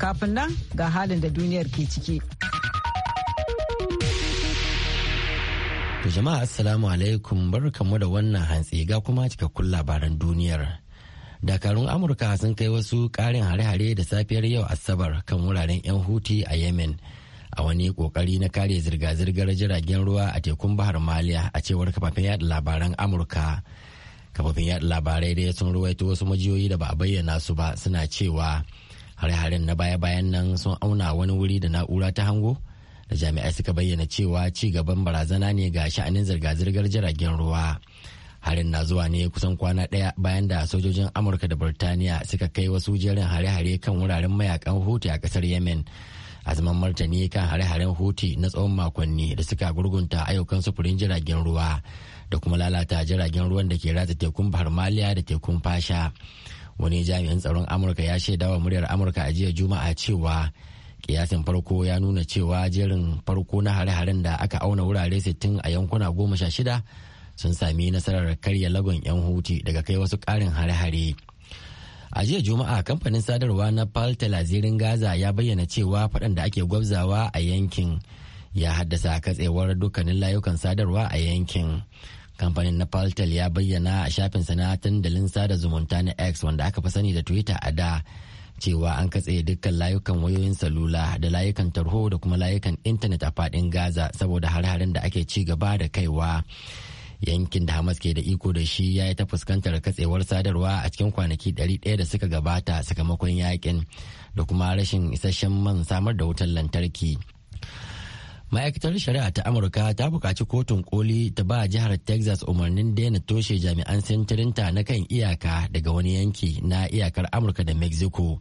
Kafin nan ga halin da duniyar ke ciki. jama'a assalamu alaikum barkamu da wannan hantsi ga kuma cikakkun labaran duniyar. Dakarun Amurka sun kai wasu ƙarin hare-hare da safiyar yau Asabar kan wuraren 'yan huti a Yemen. A wani ƙoƙari na kare zirga-zirgar jiragen ruwa a tekun Bahar Maliya a cewar kafafen yada labaran Amurka. Kafafen yada labarai dai sun ruwaito wasu majiyoyi da ba a bayyana su ba suna cewa hare-haren na baya-bayan nan sun auna wani wuri da na'ura ta hango da jami'ai suka bayyana cewa ci gaban barazana ne ga sha'anin zirga-zirgar jiragen ruwa harin na zuwa ne kusan kwana ɗaya bayan da sojojin amurka da burtaniya suka kai wasu jerin hare-hare kan wuraren mayakan huti a ƙasar yemen azaman martani kan hare-haren huti na tsawon makonni da suka gurgunta ayyukan sufurin jiragen ruwa da kuma lalata jiragen ruwan da ke ratsa tekun bahar maliya da tekun fasha wani jami'in tsaron amurka ya shaidawa muryar amurka a jiya juma'a cewa kiyasin farko ya nuna cewa jerin farko na hare-haren da aka auna wurare 60 a yankuna goma sha shida sun sami nasarar karya lagon 'yan huti daga kai wasu karin hare-hare a jiya juma'a kamfanin sadarwa na paltalazirin gaza ya bayyana cewa faɗan da ake gwabzawa a yankin ya haddasa katsewar dukkanin layukan sadarwa a yankin kamfanin na paltel ya bayyana a shafin shafinsa na dandalin sada zumunta na x wanda aka fi sani da twitter a da cewa an katse dukkan layukan wayoyin salula da layukan tarho da kuma layukan intanet a fadin gaza saboda har harin da ake ci gaba da kaiwa yankin da hamas ke da iko da shi ya yi ta fuskantar katsewar sadarwa a cikin kwanaki 100 da suka gabata sakamakon yakin da kuma rashin isasshen man samar da wutar lantarki ma'aikatar shari'a ta amurka ta buƙaci kotun koli ta ba jihar texas umarnin daina toshe jami'an sintirinta na kan iyaka daga wani yanki na iyakar amurka da mexico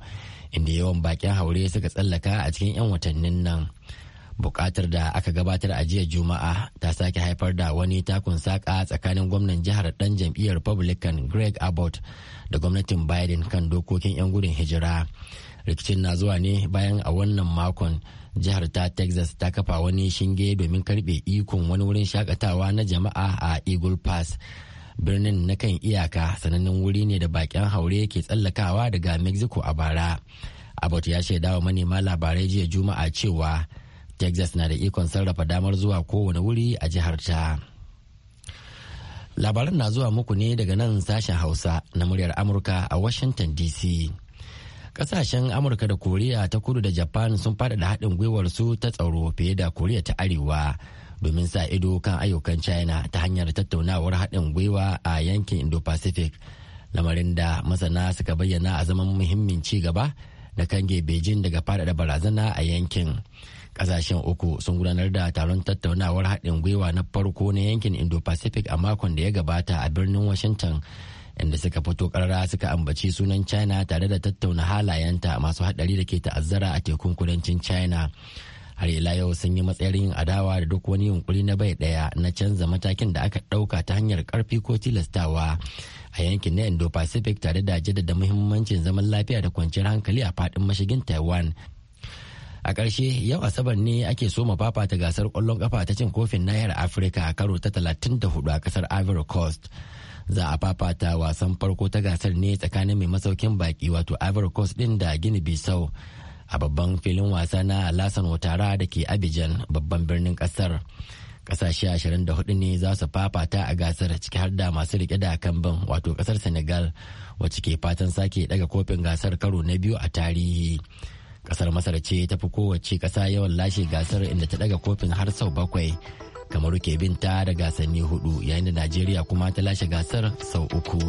inda yawan bakin haure suka tsallaka a cikin 'yan watannin nan bukatar da aka gabatar a jiya juma'a ta sake haifar da wani takun saka tsakanin gwamnan jihar dan jam'iyyar republican greg abbott da gwamnatin biden kan dokokin 'yan gudun hijira rikicin na zuwa ne bayan a wannan makon jihar ta texas ta kafa wani shinge domin karbe ikon wani wurin shakatawa na jama'a a eagle pass birnin na kan iyaka sanannen wuri ne da bakin haure ke tsallakawa daga mexico a bara abbott ya shaidawa manema labarai jiya juma'a cewa texas na da ikon sarrafa damar zuwa kowane wuri a jihar ta labaran na zuwa muku ne daga nan sashen hausa na muryar amurka a washington dc kasashen amurka da koriya ta kudu da japan sun faɗaɗa haɗin gwiwar su ta tsaro fiye da koriya ta arewa domin sa ido kan ayyukan china ta hanyar tattaunawar haɗin gwiwa a yankin indo-pacific lamarin da masana suka bayyana a zaman muhimmin ci gaba da kange beijing daga faɗaɗa barazana a yankin kasashen uku sun gudanar da taron tattaunawar haɗin gwiwa na farko na yankin Indo-Pacific a makon da ya gabata a birnin Washington. inda suka fito karara suka ambaci sunan china tare da tattauna halayenta masu hadari da ke ta'azzara a tekun kudancin china har ila yau sun yi matsayar yin adawa da duk wani yunkuri na bai daya na canza matakin da aka ɗauka ta hanyar karfi ko tilastawa a yankin na indo-pacific tare da jaddada muhimmancin zaman lafiya da kwanciyar hankali a fadin mashigin taiwan a ƙarshe yau asabar ne ake soma fafata gasar ƙwallon ƙafa ta cin kofin nahiyar afirka a karo ta 34 a ƙasar ivory coast za a fafata wasan farko ta gasar ne tsakanin mai masaukin baki wato ivory coast din da gini bisau a babban filin wasa na lasan watara da ke abidjan babban birnin ƙasar ƙasashe 24 ne za su fafata a gasar ciki har da masu rike da kambin wato ƙasar senegal wacce ke fatan sake daga kofin gasar karo na biyu a tarihi kasar masar ce ta fi kowace kasa yawan lashe gasar inda ta daga kofin har sau bakwai kamar ke binta da gasanni hudu yayin da najeriya kuma ta lashe gasar sau uku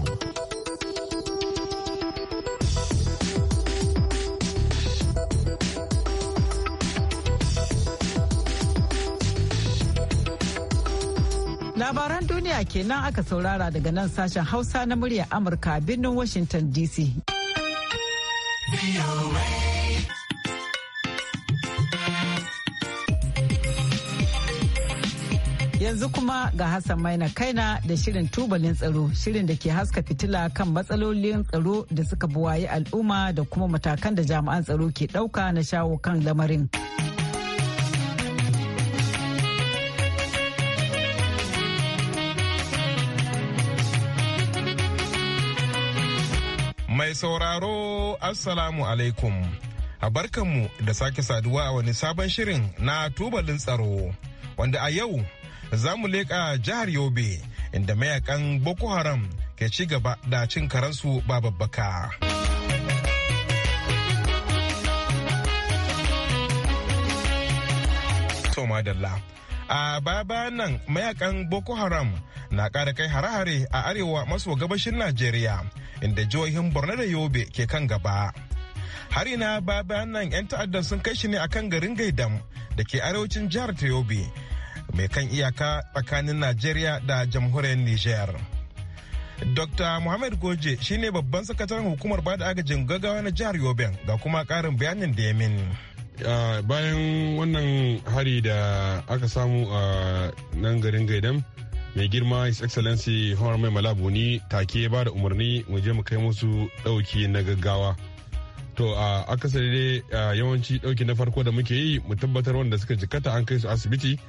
labaran duniya kenan aka saurara daga nan sashen hausa na murya amurka birnin washington dc Yanzu kuma ga Hassan Maina Kaina da shirin tubalin tsaro, shirin da ke haska fitila kan matsalolin tsaro da suka buwaye al'umma da kuma matakan da jami'an tsaro ke ɗauka na shawo kan lamarin. Mai sauraro, Assalamu alaikum. A barkanmu da sake saduwa a wani sabon shirin na tubalin tsaro, wanda a yau za mu leƙa jihar yobe inda mayakan boko haram ke ci gaba da cin karansu ba babbaka. a baya-bayan nan mayakan boko haram na ƙara kai hare-hare a arewa maso gabashin najeriya inda jihohin borno da yobe ke kan gaba hari na baya-bayan nan 'yan ta'addan sun kai shi ne a kan garin gaidam da ke arewacin jihar ta yobe mai kan iyaka tsakanin Najeriya da jamhuriyar Nijar. Dr. Muhammad Goje shine babban sakataren hukumar bada agajin gaggawa na jihar Yoben ga kuma karin bayanin da ya mini. bayan wannan hari da aka samu a nan garin gaidam mai girma his excellency honor mai Malabuni take ba da umarni mu je mu kai musu dauki na gaggawa to a akasari dai yawanci dauki na farko da muke yi mu tabbatar wanda suka jikata an kai su asibiti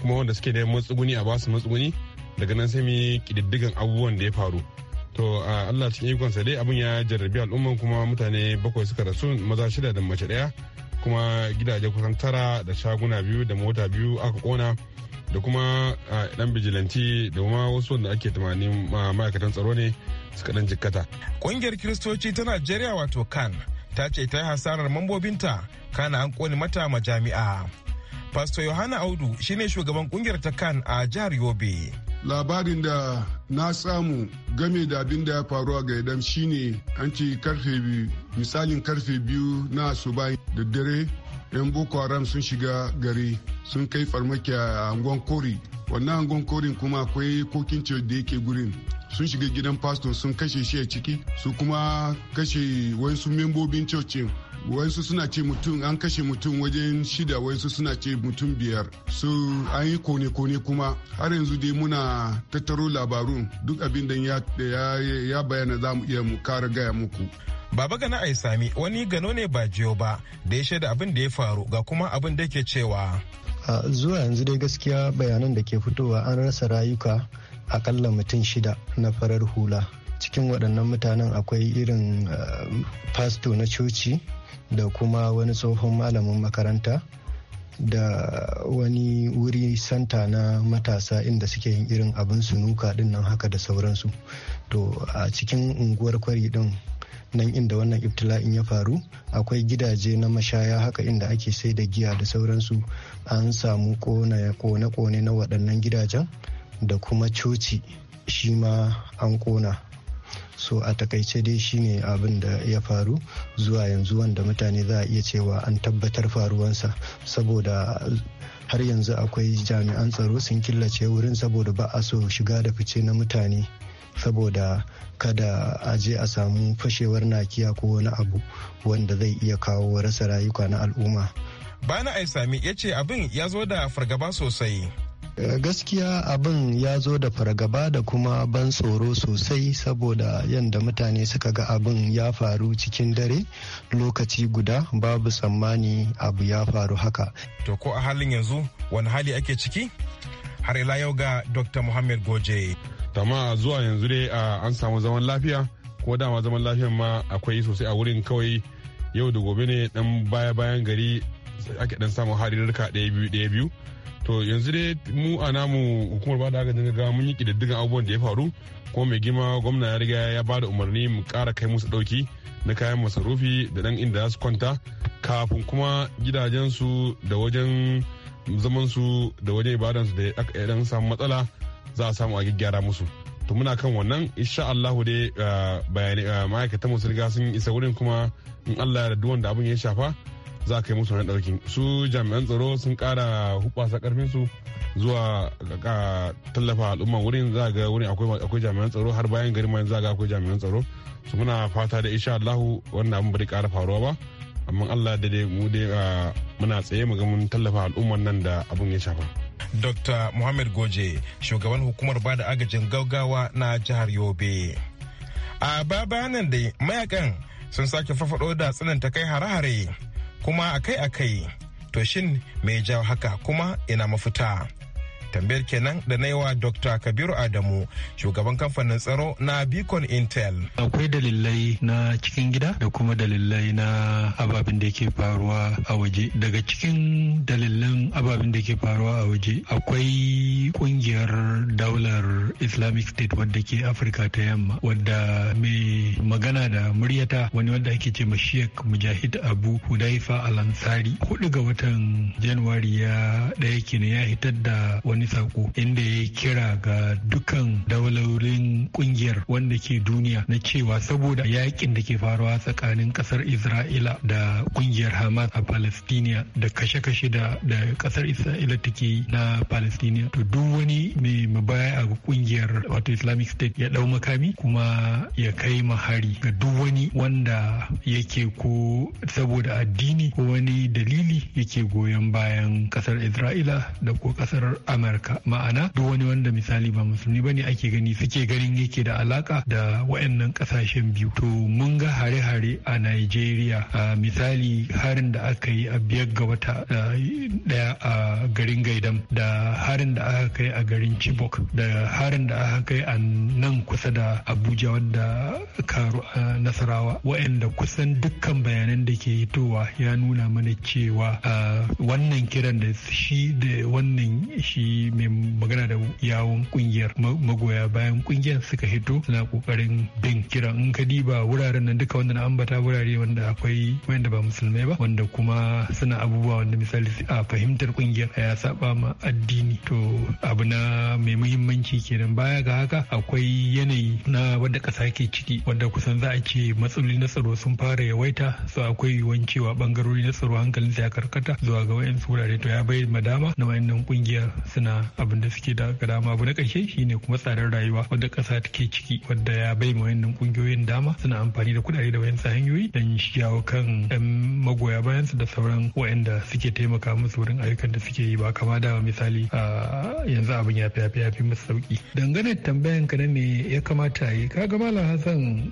kuma wanda suke da matsuguni a basu matsuguni daga nan sai mu yi kididdigan abubuwan da ya faru to Allah cikin ikon sa dai abin ya jarrabi al'umman kuma mutane bakwai suka rasu maza shida da mace daya kuma gidaje kusan tara da shaguna biyu da mota biyu aka kona da kuma dan bijilanti da kuma wasu wanda ake tunanin ma'aikatan tsaro ne suka dan jikkata. Kungiyar Kiristoci ta Najeriya wato kan ta ce ta yi hasarar mambobinta kana an kone mata majami'a. Pastor Yohana Audu shine shugaban kungiyar ta kan a jihar Yobe. Labarin da na samu game da abin da ya faru a gaidam shine an ce karfe biyu misalin karfe biyu na asuba da dare yan boko haram sun shiga gari sun kai farmaki a angon kori wannan angon korin kuma akwai kokin ce da yake gurin sun shiga gidan pastor sun kashe shi a ciki su kuma kashe wasu membobin cocin wasu suna ce mutum an kashe mutum wajen shida wasu suna ce mutum biyar so an yi kone-kone kuma har yanzu dai muna tattaro labarun duk abin da ya, ya bayana za mu iya kara gaya muku Baba Gana sami wani gano ne ba jiyo ba da ya shaida abin da ya faru ga kuma abin da ke cewa. Zuwa yanzu dai gaskiya bayanan da ke fitowa an rasa rayuka akalla mutum shida na farar hula. Cikin waɗannan mutanen akwai irin pasto eh, na coci da kuma wani tsohon malamin makaranta da wani wuri santa na matasa inda suke yin irin abin sunuka din nan haka da sauransu to a cikin unguwar kwari din nan inda wannan ibtila'in ya faru akwai gidaje na mashaya haka inda ake sai da giya da sauransu an samu kone-kone na waɗannan gidajen da kuma coci shi ma an kona so a takaice dai shine abin da ya faru zuwa yanzu wanda mutane za a iya cewa an tabbatar faruwansa saboda har yanzu akwai jami'an tsaro sun killace wurin saboda ba a so shiga da fice na mutane saboda kada a je a samu fashewar nakiya ko wani abu wanda zai iya kawo rasa rayuka na al'umma. bana ai sami ya ce abin ya zo da fargaba sosai Eh, gaskiya abin ya zo da fargaba da kuma ban tsoro sosai saboda yadda mutane suka ga abin ya faru cikin dare lokaci guda babu tsammani abu ya faru haka to ko a halin yanzu wani hali ake ciki har ila yau ga dr muhammad goje tama zuwa yanzu dai an samu zaman lafiya ko dama zaman lafiyan ma akwai sosai a wurin kawai yau da gobe ne dan baya bayan gari ake dan samun hali ɗaya biyu biyu to yanzu dai mu a namu hukumar ba da dinga mun yi kididdigan abubuwan da ya faru kuma mai gima gwamna ya riga ya bada umarni mu kara kai musu dauki na kayan masarufi da dan inda za su kwanta kafin kuma gidajensu da wajen zamansu da wajen ibadansu da ya dan samu matsala za a samu a gyara musu to muna kan wannan insha Allah dai ah, bayani ah, ma'aikatan mu sun riga sun isa wurin kuma in Allah ya da wanda abin ya shafa za ka yi musu wani ɗaukin su jami'an tsaro sun kara hubasa karfin su zuwa ga tallafa al'umma wurin za ga wurin akwai jami'an tsaro har bayan gari ma za ga akwai jami'an tsaro su muna fata da insha Allahu wannan abin bai ƙara faruwa ba amma Allah da dai mu dai muna tsaye mu ga mun tallafa al'umman nan da abin ya shafa Dr. Muhammad Goje, shugaban hukumar bada agajin gaugawa na jihar Yobe. A baba dai mayakan sun sake farfado da tsananta kai hare-hare kuma akai-akai to shin mai jawo haka kuma ina mafuta tambayar kenan da na yawa dr kabiru adamu shugaban kamfanin tsaro na beacon intel akwai dalilai na cikin gida da kuma dalilai na ababen da ke faruwa a waje daga cikin dalilan ababen da ke faruwa a waje akwai kungiyar daular islamic state wadda ke afirka ta yamma wadda mai magana da muryata wani wadda ake ce sheikh mujahid abu hudaifa alansari hudu ga watan januwari ya daya kenan ya hitar da wani wani sako inda ya kira ga dukan daularin kungiyar wanda ke duniya na cewa saboda yakin da ke faruwa tsakanin kasar isra'ila da kungiyar hamas a palestiniya da kashe-kashe da kasar isra'ila take na palestiniya to duk wani mai mabaya a kungiyar wato islamic state ya dau makami kuma ya kai mahari ga duk wani wanda yake ko saboda addini ko wani dalili yake goyon bayan kasar isra'ila da ko kasar amurka amurka ma'ana duk wani wanda misali ba musulmi bane ake gani suke ganin yake da alaka da wayannan kasashen biyu to mun ga hare-hare a nigeria a misali harin da aka yi a biyar ga wata daya a garin gaidam da harin da aka kai a garin chibok da harin da aka kai a nan kusa da abuja wadda karu a nasarawa wayanda kusan dukkan bayanan da ke hitowa ya nuna mana cewa wannan kiran da shi da wannan shi mai magana da yawon kungiyar magoya bayan kungiyar suka hito suna kokarin bin Kira in ka diba wuraren nan duka wanda na ambata wurare wanda akwai wanda ba musulmai ba wanda kuma suna abubuwa wanda misali a fahimtar kungiyar ya saba ma addini to abu na mai muhimmanci kenan baya ga haka akwai yanayi na wanda kasa ke ciki wanda kusan za a ce matsaloli na tsaro sun fara yawaita so akwai yiwuwan cewa bangarori na tsaro hankalin ya karkata zuwa ga wayansu wurare to ya bai dama na wayannan kungiyar suna na abin da suke da dama abu na ƙarshe shine kuma tsadar rayuwa wadda ƙasa take ciki wadda ya bai ma wayannan kungiyoyin dama suna amfani da kuɗaɗe da wayansu hanyoyi don shawo kan ɗan magoya bayansu da sauran wayanda suke taimaka musu wurin ayyukan da suke yi ba kama da misali yanzu abin ya fi ya fi musu sauki dangane tambayan ka ne ya kamata yi ga malam hassan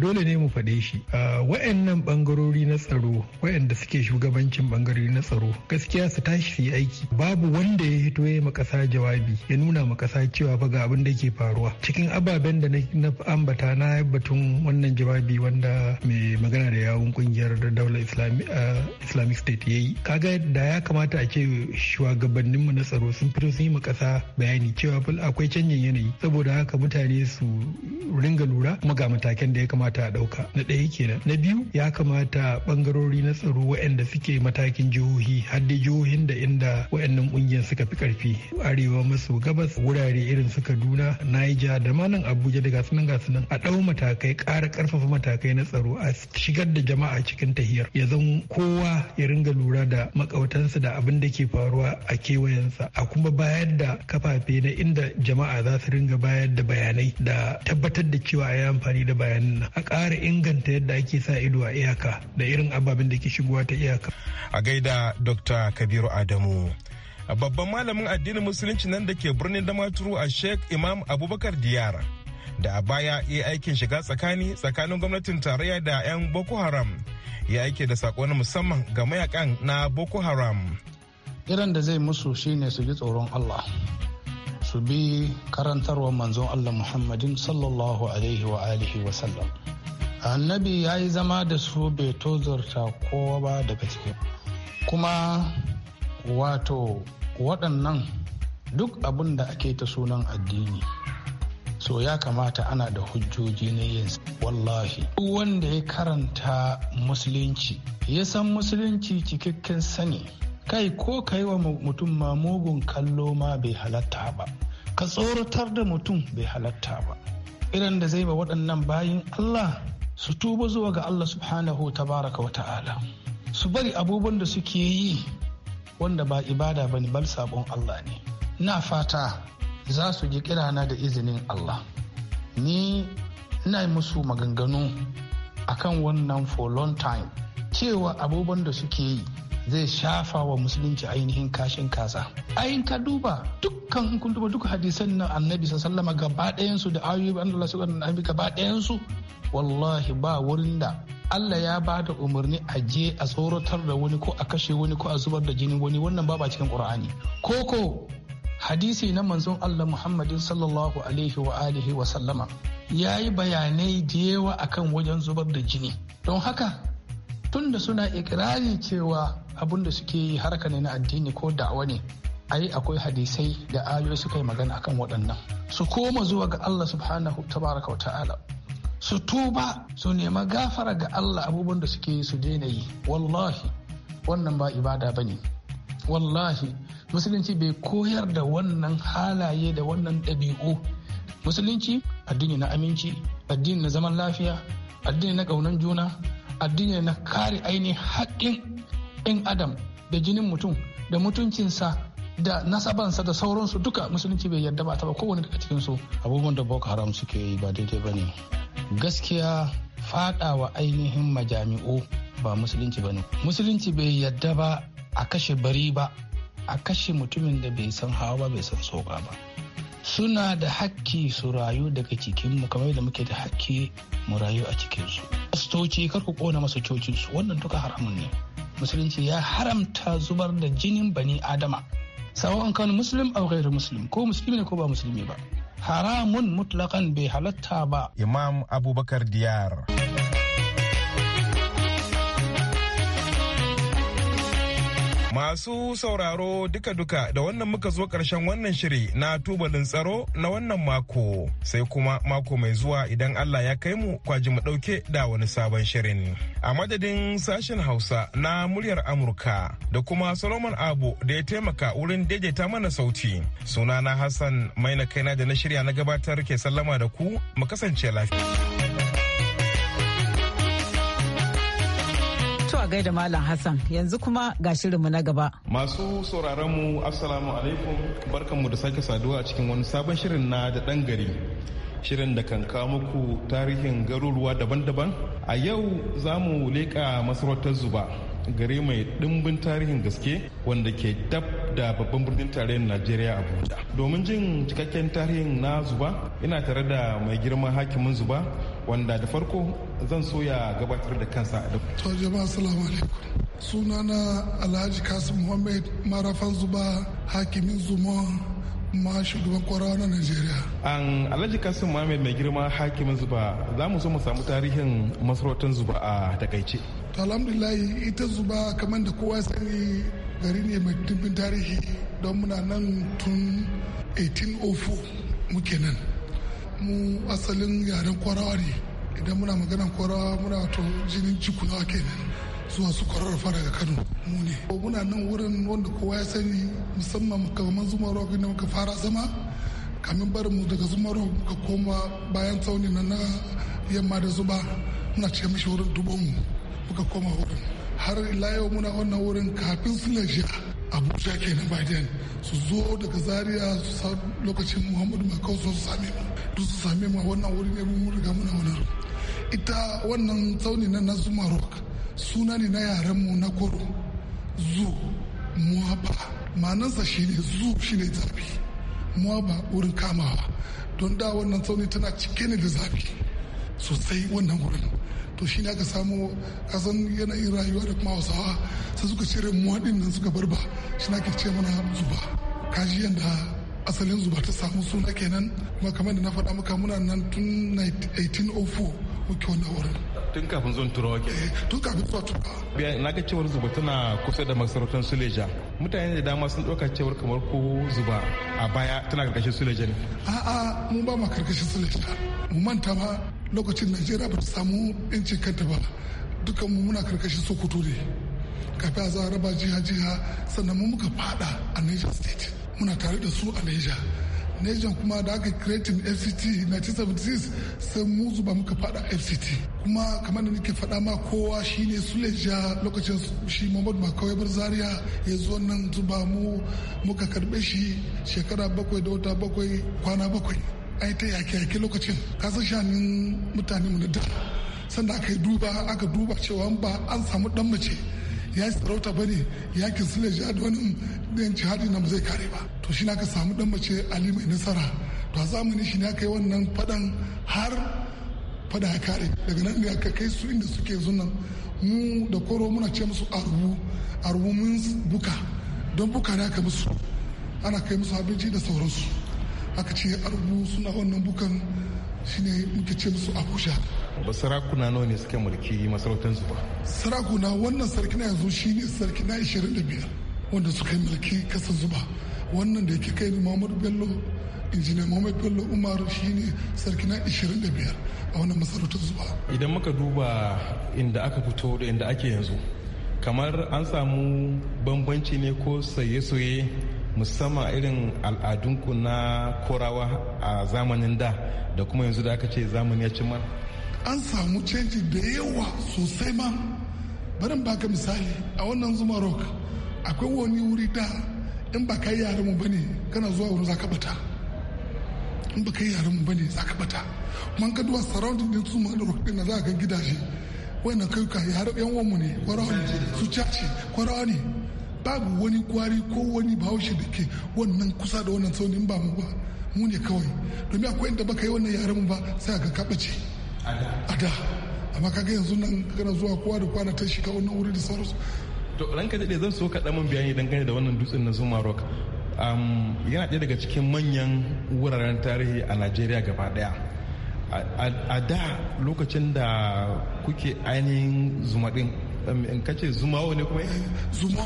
dole ne mu faɗe shi wayannan bangarori na tsaro wayanda suke shugabancin bangarori na tsaro gaskiya su tashi su yi aiki babu wanda ya hito ya makasa jawabi ya nuna ma kasa cewa fa ga abin da ke faruwa cikin ababen da na ambata na batun wannan jawabi wanda mai magana da yawun kungiyar daula islamic state ya yi kaga da ya kamata a ce shugabanninmu na tsaro sun fito sun yi ma bayani cewa akwai canjin yanayi saboda haka mutane su ringa lura kuma ga matakan da ya kamata a ɗauka na ɗaya kenan na biyu ya kamata bangarori na tsaro waɗanda suke matakin jihohi har da jihohin da inda waɗannan ƙungiyar suka fi ƙarfi arewa maso gabas wurare irin su kaduna niger da ma nan abuja da gasunan gasunan a ɗau matakai ƙara ƙarfafa matakai na tsaro a shigar da jama'a cikin tahiyar ya zan kowa ya ringa lura da makautansa da abin da ke faruwa a kewayensa a kuma bayar da kafafe na inda jama'a za su ringa bayar da bayanai da tabbatar da cewa a yi amfani da bayanan nan a ƙara inganta yadda ake sa ido a iyaka da irin ababen da ke shigowa ta iyaka a gaida dr kabiru adamu babban malamin addinin musulunci nan da ke birnin damaturu a sheikh imam abubakar diyar da a baya ya yi aikin shiga tsakani tsakanin gwamnatin tarayya da 'yan boko haram ya aike da sako na musamman ga mayakan na boko haram Irin da zai musu shine su ji tsoron allah su bi karantarwa manzon allah muhammadin sallallahu alaihi wa alihi wa sallam annabi ya yi zama da su bai tozarta kowa ba daga cikin kuma wato waɗannan duk abin da ake ta sunan addini so ya kamata ana da hujjoji na yin wallahi duk wanda ya karanta musulunci ya san musulunci cikakken sani kai ko ka yi wa mutum ma mugun kallo ma bai halatta ba ka tsoratar da mutum bai halatta ba irin da zai ba waɗannan bayin allah su tuba zuwa ga allah subhanahu tabaraka wa ta'ala su bari abubuwan da suke yi wanda ba ibada bane bal sabon Allah ne Na fata za su ji kirana da izinin Allah ni ina musu maganganu akan wannan for long time cewa abubuwan da suke yi zai shafa wa musulunci ainihin kashin kasa ayin ka duba dukkan kun duba duk hadisan nan annabi sallama gaba ɗayansu da ayoyi Allah annabi gaba ɗayansu wallahi ba wurin da Allah ya ba da umarni a je a tsoratar da wani ko a kashe wani ko a zubar da jini wani wannan ba ba cikin Qur'ani koko hadisi na manzon Allah Muhammadin sallallahu alaihi wa alihi wa sallama ya yi bayanai da yawa akan wajen zubar da jini don haka tun da suna ikirari cewa abun da suke yi harka ne na addini ko da'awa ne ai akwai hadisai da ayoyi suka yi magana akan waɗannan su koma zuwa ga Allah subhanahu tabaraka wa ta'ala su tuba su nema gafara ga Allah abubuwan da suke su daina yi wallahi wannan ba ibada ba ne wallahi musulunci bai koyar da wannan halaye da wannan ɗabi'u musulunci addini na aminci addini na zaman lafiya addini na ƙaunan juna addini na kare ainihin haƙƙin 'yan adam da jinin mutum da mutuncinsa da nasabansa da sauransu duka musulunci bai yarda ba ta ba kowane daga cikinsu abubuwan da boko haram suke yi ba daidai ba ne gaskiya fadawa ainihin majami'u ba musulunci ba ne musulunci bai yarda ba a kashe bari ba a kashe mutumin da bai san hawa ba bai san soka ba suna da hakki su rayu daga cikinmu kamar da muke da hakki mu rayu a cikinsu stoci kar ku kona masu su wannan duka haramun ne musulunci ya haramta zubar da jinin bani adama sawa'un kan muslim aw ghairu muslim ko musulmi ne ko ba musulmi ba haramun mutlakan bai halatta ba imam abubakar diyar Masu sauraro duka-duka da wannan muka zo ƙarshen wannan shiri na tubalin tsaro na wannan mako sai kuma mako mai zuwa idan Allah ya kai mu kwaji mu ɗauke da wani sabon shirin. A madadin sashen Hausa na muryar Amurka da kuma Solomon Abu da ya taimaka wurin daidaita mana sauti. Sunana Hassan na kaina da na shirya na gabatar ke sallama da ku mu kasance lafiya. gaida Malam Hassan yanzu kuma ga shirinmu na gaba. Masu sauraronmu Assalamu alaikum barkanmu da sake saduwa a cikin wani sabon shirin na da ɗan gari. Shirin da kan kawo muku tarihin garuruwa daban-daban. A yau za mu leƙa masarautar Zuba. gari mai dimbin tarihin gaske wanda ke dab da babban birnin tarayyar najeriya abuja domin jin cikakken tarihin na zuba ina tare da mai girma hakimin zuba wanda da farko zan so ya gabatar da kansa a to jama'a assalamu sunana alhaji kasim muhammad marafan zuba hakimin zuma ma shugaban kwarawa na Najeriya. An Alhaji Kasim Mohammed mai girma hakimin zuba za mu so mu samu tarihin masarautar zuba a takaice. Alhamdulillahi ita zuba kamar da kowa sani gari ne mai dimbin tarihi don muna nan tun 1804 muke nan. Mu asalin yaren kwarawa ne idan muna maganan kwarawa muna wato jinin cikuna kenan. zuwa su kwararrafa daga kano mu ne muna nan wurin wanda kowa ya sani musamman kamar zuma rock ne muka fara zama kamin barin mu daga zuma rock muka koma bayan tsauni na yamma da zuba muna ce mishi wurin dubonmu muka koma wurin har layo muna wannan wurin kafin su lafiya abuja kenan bayan su zo daga zaria su sa lokacin muhammadu makau su same mu duk su same mu wannan wurin ne mun riga muna wannan ita wannan tsauni na na zuma rock suna ne na yarenmu na kudu zu muwaba ma'anansa shine zu shine zafi muwaba wurin kamawa don da wannan tsauni tana cike ne da zafi sosai wannan wurin to shi aka samu kasan yanayin rayuwa da kuma hausawa sai suka cire muwaɗin nan suka barba shi ake ce mana zuba kaji yadda asalin zuba ta samu suna kenan kuma kamar da na faɗa muka muna nan tun 1804 muke wannan wurin tun kafin zuwan turawa ke eh, tun kafin zuwa turawa na ga cewar zuba tana kusa da masarautar suleja mutane da dama sun ɗauka cewar kamar ko zuba a baya tana karkashin suleja ne a'a mun ba ma karkashin suleja mu manta ma lokacin najeriya ba ta samu yancin kanta ba dukan mu muna karkashin sokoto ne kafin a za a raba jiha jiha sannan mu muka fada a niger state muna tare da su a niger nation kuma da aka creating fct 1976 sai mu zuba muka fada fct kuma kamar da nake faɗa ma kowa shine leja lokacin shi muhammad makawai bar zaria ya zo nan zuba mu muka karɓe shi shekara bakwai da wata bakwai kwana bakwai ai ta yake-yake lokacin kasan shanin mutane mu da sanda aka duba aka duba cewa ba an samu dan mace ya yi sarauta ba ne yakin sule jihadi wani ɗan jihadi nan zai kare ba to shi na ka samu ɗan mace ali mai nasara to a zamani shi na kai wannan faɗan har fada ya kare daga nan ne aka kai su inda suke zunan mu da koro muna ce musu a rubu mun buka don buka ne aka musu ana kai musu abinci da sauransu aka ce a rubu suna wannan bukan shine muke ce musu a abuja ba sarakuna nawa ne suke mulki masarautar su ba sarakuna wannan sarki na yanzu shine sarki na 25 wanda suka mulki kasar zuba wannan da yake kai Muhammadu Bello injiniya muhammadu Bello Umar shine sarki na 25 a wannan masarautar zuba idan muka duba inda aka fito da inda ake yanzu kamar an samu bambanci ne ko saye-saye musamman irin al'adunku na korawa a zamanin da da kuma yanzu da aka ce zamani ya ci an samu canji da yawa sosai ma barin baka misali a wannan zuma rock akwai wani wuri da in ba kai yare mu bane kana zuwa wurin zaka bata in ba kai yare mu bane zaka bata man ka duwa surrounding din zuma rock din na za ka gidaje wannan kai ka yaren yan uwan mu ne kwarawa ne su caci kwarawa ne babu wani kwari ko wani bahaushe da ke wannan kusa da wannan tsaunin ba mu ba mu ne kawai domin akwai inda baka yi wannan yaren mu ba sai ka kabace a da amma kaga yanzu nan kana zuwa kowa da kwana ta shiga wannan wuri da sauransu to ka daɗe zan so kaɗan mun bayani dangane da wannan dutsen na zuma rock yana ɗaya daga cikin manyan wuraren tarihi a najeriya gaba ɗaya a da lokacin da kuke ainihin zuma ɗin in kace Zuma ne kuma eh, zuma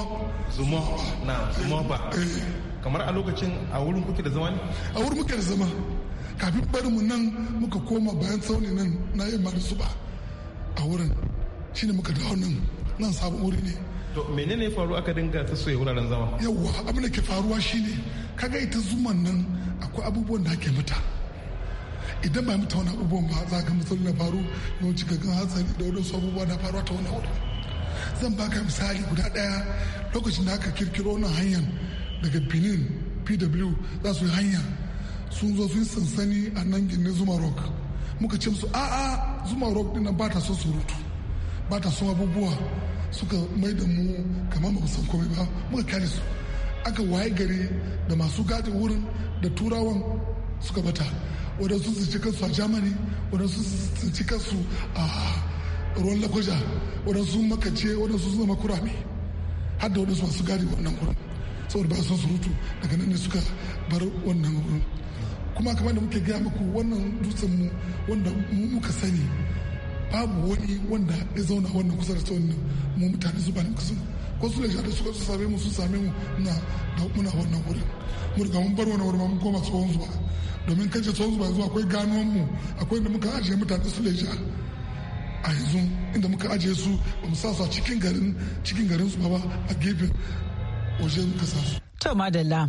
zuma na zuma ba eh. kamar a lokacin a wurin kuke da zama ne a wurin muke da zama kafin bari mu nan muka koma bayan tsauni nan na yi su ba a wurin shine muka dawo nan nan sabon wuri ne to menene faru aka dinga ta soya wuraren zama yawwa abin da ke faruwa shine kaga ita zuman nan akwai abubuwan da ake mata idan ba mutane abubuwan ba za ka misali na faru yawanci ga hatsari da wadansu abubuwa na faruwa ta wani wuri zan baka misali guda daya lokacin da aka kirkiro wannan hanyar daga benin pw za su yi hanya sun zo sun sansani a nan gini zuma rock muka ce musu a'a zuma rock din ba ta son surutu ba ta son abubuwa suka mai da mu kamar ba san komai ba muka kare su aka waye gari da masu gadi wurin da turawan suka bata wadansu su ci kansu a germany wadansu su ci kansu a ruwan lakwaja wadansu makace wadansu su zama kurame har da wadansu masu gadi wannan wurin saboda ba son surutu daga nan ne suka bar wannan wurin kuma kamar da muke gaya muku wannan dutsen mu wanda mu muka sani babu wani wanda ya zauna wannan kusa da tsawon mu mutane zuba ne kusa ko su da suka su same mu su same mu na da muna wannan wurin mu riga mun bar wani wurin mun koma tsohon zuba domin kace tsohon zuba zuwa akwai ganuwan mu akwai inda muka ajiye mutane su leja a yanzu inda muka ajiye su ba mu sa su a cikin garin cikin garin su ba a gefen waje muka sa su to madalla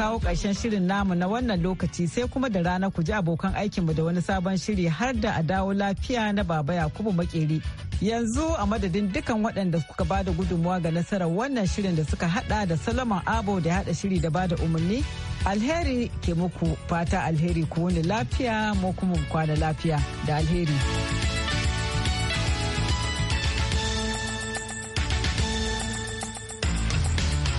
kawo ƙarshen shirin namu na wannan lokaci sai kuma da rana ku ji abokan mu da wani sabon shiri har da a dawo lafiya na baba Yakubu Makeri. Yanzu a madadin dukan waɗanda suka ba da gudunmawa ga nasarar wannan shirin da suka hada da salaman Abo da hada shiri da ba da umarni. Alheri ke muku fata alheri ku wani lafiya mu kuma kwana lafiya da alheri.